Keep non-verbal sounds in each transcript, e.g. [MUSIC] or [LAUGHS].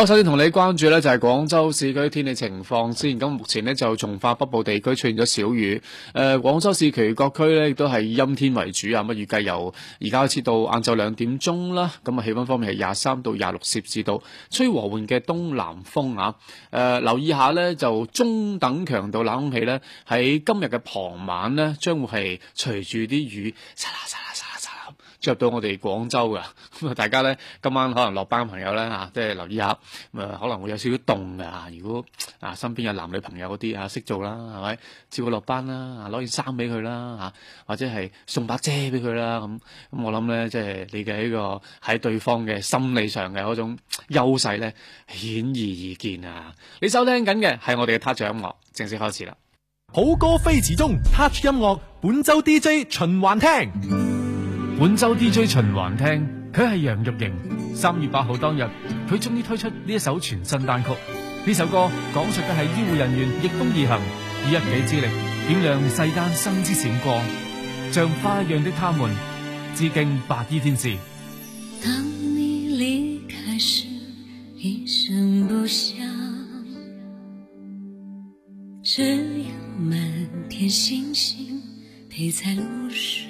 我首先同你關注呢，就係、是、廣州市區天氣情況先，咁目前呢，就從化北部地區出現咗小雨，誒、呃，廣州市區各區呢，亦都係陰天為主啊，咁預計由而家開始到晏晝兩點鐘啦，咁啊氣溫方面係廿三到廿六攝氏度，吹和緩嘅東南風啊，誒、呃，留意下呢，就中等強度冷空氣呢喺今日嘅傍晚呢，將會係隨住啲雨。沙拉沙拉沙拉。入到我哋廣州噶，咁啊大家咧今晚可能落班嘅朋友咧嚇，即係留意下，咁啊可能會有少少凍噶。如果啊身邊有男女朋友嗰啲啊識做啦，係咪照佢落班啦？攞件衫俾佢啦，啊啊，或者係送把遮俾佢啦。咁、啊、咁、啊啊、我諗咧，即、就、係、是、你嘅呢、這個喺對方嘅心理上嘅嗰種優勢咧顯而易見啊！你收聽緊嘅係我哋嘅 Touch 音樂，正式開始啦！好歌飛馳中 Touch 音樂本周 DJ 循環聽。本周 DJ 循環聽，佢係楊鈺瑩。三月八號當日，佢終於推出呢一首全新單曲。呢首歌講述嘅係醫護人員逆風而行，以一己之力點亮世間生之閃光，像花樣的他們致敬白衣天使。當你離開時，一聲不響，只有滿天星星陪在路上。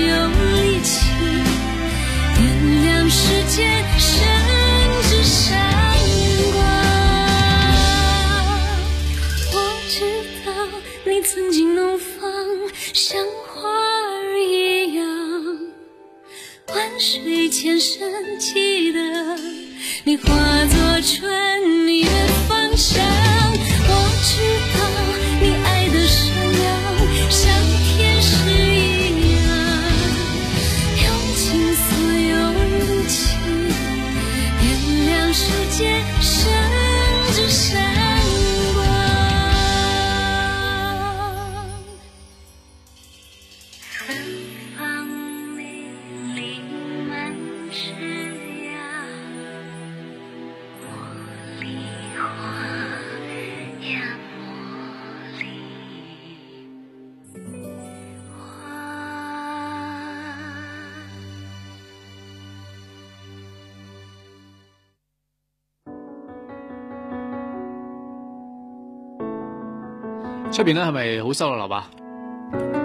出邊咧，係咪好濕落嚟吧？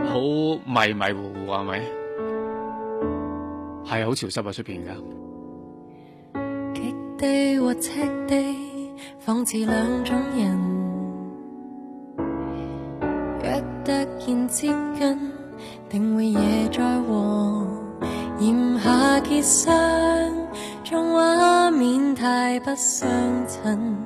好迷迷糊糊係咪？係好潮濕啊，出邊噶。極地和赤地，彷似兩種人，若突然接近，定會夜再黃，掩下結霜，將畫面太不相襯。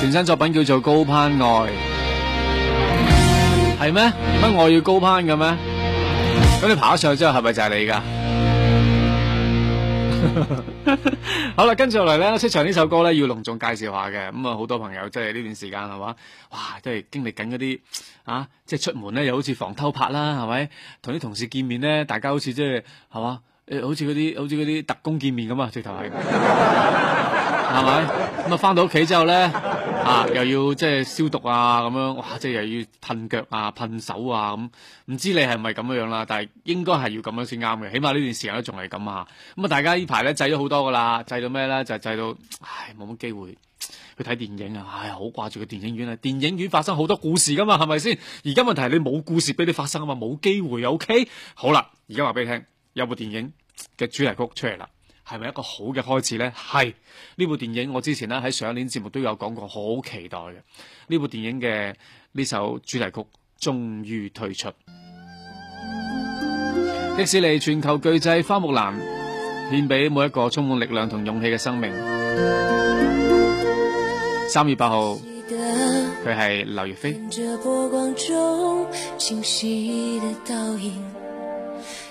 全新作品叫做高攀愛，係咩？乜愛要高攀嘅咩？咁你爬上去之後係咪就係你噶？ [LAUGHS] 好啦，跟住落嚟咧，出場呢首歌咧要隆重介紹下嘅，咁啊好多朋友即係呢段時間係嘛，哇，即係經歷緊嗰啲啊，即係出門咧又好似防偷拍啦，係咪？同啲同事見面咧，大家好似即係係嘛，誒，好似嗰啲好似嗰啲特工見面咁啊，直頭係。 [LAUGHS] 係咪咁啊？翻到屋企之後咧，啊又要即係、就是、消毒啊，咁樣哇，即係又要噴腳啊，噴手啊，咁唔知你係咪咁樣樣啦？但係應該係要咁樣先啱嘅，起碼呢段時間都仲係咁啊。咁啊，大家呢排咧制咗好多噶啦，制到咩咧？就係、制到唉，冇乜機會去睇電影啊！唉，好掛住個電影院啊！電影院發生好多故事噶嘛，係咪先？而家問題係你冇故事俾你發生啊嘛，冇機會 OK，好啦，而家話俾你聽，有部電影嘅主題曲出嚟啦。係咪一個好嘅開始呢？係呢部電影，我之前咧喺上一年節目都有講過，好期待嘅呢部電影嘅呢首主題曲終於推出。 [MUSIC] 迪士尼全球巨製《花木蘭》，獻俾每一個充滿力量同勇氣嘅生命。三月八號，佢係劉亦菲。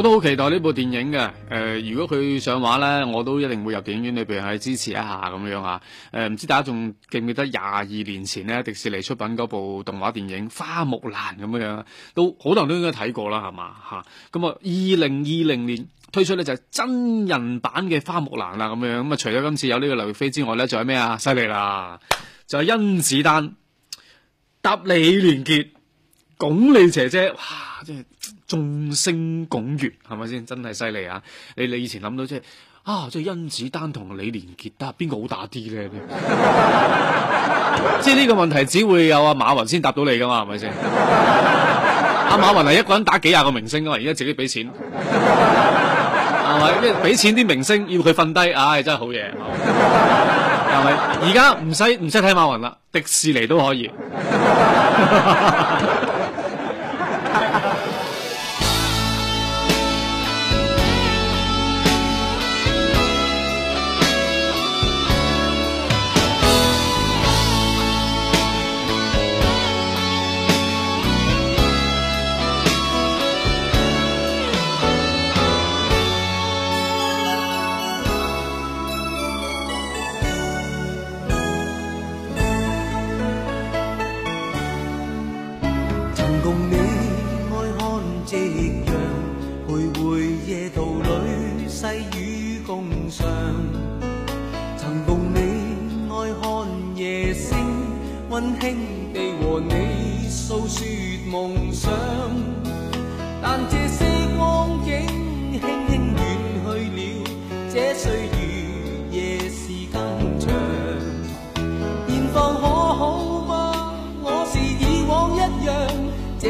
我都好期待呢部電影嘅，誒、呃，如果佢上畫呢，我都一定會入電影院裏邊去支持一下咁樣啊，誒、呃，唔知大家仲記唔記得廿二年前呢迪士尼出品嗰部動畫電影《花木蘭》咁樣，都好多人都應該睇過啦，係嘛吓，咁啊，二零二零年推出呢就係，真人版嘅《花木蘭》啦，咁樣，咁啊，除咗今次有呢個劉亦菲之外呢，仲有咩啊？犀利啦，就係甄子丹 [LAUGHS] 搭李連杰、鞏俐姐姐，哇，真係～眾星拱月，係咪先？真係犀利啊！你你以前諗到即係啊，即係甄子丹同李連杰，得邊個好打啲咧？ [LAUGHS] 即係呢個問題，只會有阿馬雲先答到你噶嘛？係咪先？阿 [LAUGHS] 馬雲係一個人打幾廿個明星噶嘛？而家自己俾錢，係咪？ [LAUGHS] 即係俾錢啲明星，要佢瞓低，唉、哎，真係好嘢，係咪？而家唔使唔使睇馬雲啦，迪士尼都可以。 [LAUGHS] [LAUGHS]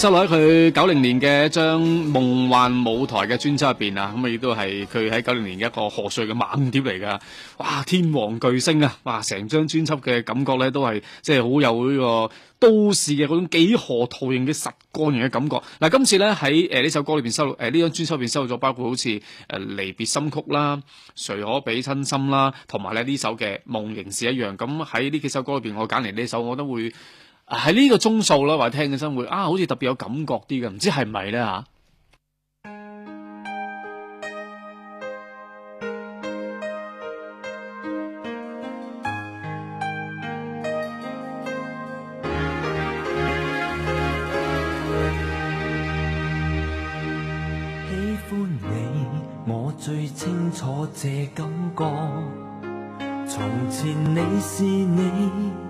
收落喺佢九零年嘅一張夢幻舞台嘅專輯入邊啊，咁亦都係佢喺九零年一個賀歲嘅猛碟嚟噶。哇，天王巨星啊，哇，成張專輯嘅感覺咧都係即係好有呢個都市嘅嗰種幾何圖形嘅實幹型嘅感覺。嗱、啊，今次咧喺誒呢、呃、首歌裏邊收誒呢張專輯入邊收咗，包括好似誒離別心曲啦、誰可畀真心啦，同埋咧呢首嘅夢形式一樣。咁喺呢幾首歌裏邊，我揀嚟呢首，我都會。喺呢個鐘數啦，話聽嘅生活啊，好似特別有感覺啲嘅，唔知係咪咧吓？喜歡你，我最清楚這感覺。從前你是你。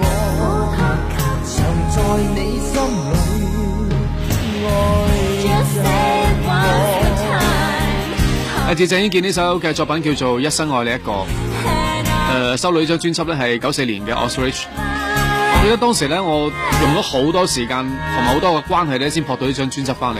阿謝鄭伊健呢首嘅作品叫做《一生愛你一個》，誒的收到呢張專輯咧係九四年嘅。我記得當時咧我用咗好多時間同埋好多嘅關係咧先撲到呢張專輯翻嚟。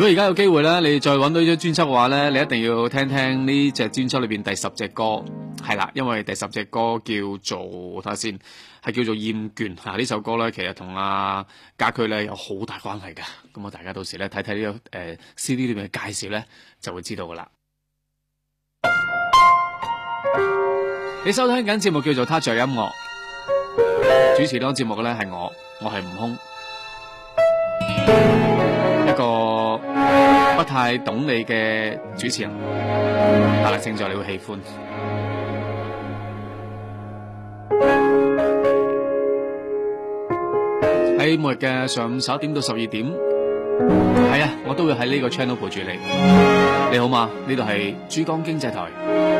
如果而家有機會咧，你再揾到呢張專輯嘅話咧，你一定要聽聽呢隻專輯裏面第十隻歌，係啦，因為第十隻歌叫做睇下先，係叫做厭倦啊、呢首歌咧，其實同阿家駒咧有好大關係㗎。咁啊，大家到時咧睇睇呢看看、這個、呃、CD 裏面嘅介紹咧，就會知道噶啦。你收聽緊節目叫做《他着、er、音樂》，主持當節節目嘅咧係我，我係悟空。太懂你嘅主持人，但係正在你會喜歡。喺、hey, 每日嘅上午十一點到十二點，係啊，我都會喺呢個 channel 陪住你。你好嘛？呢度係珠江經濟台。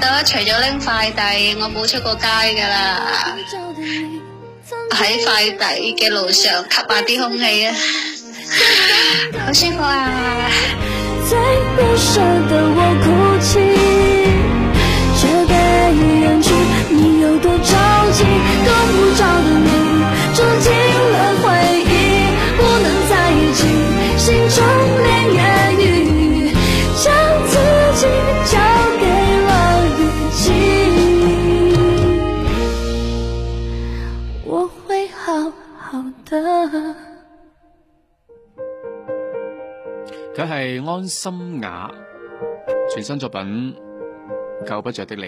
到除咗拎快遞，我冇出過街㗎喇。喺快遞嘅路上吸下啲空氣啊！ [LAUGHS] 好舒服啊！係安心雅全新作品《救不着的你》。